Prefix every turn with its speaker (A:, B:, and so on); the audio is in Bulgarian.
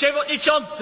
A: Przewodniczący!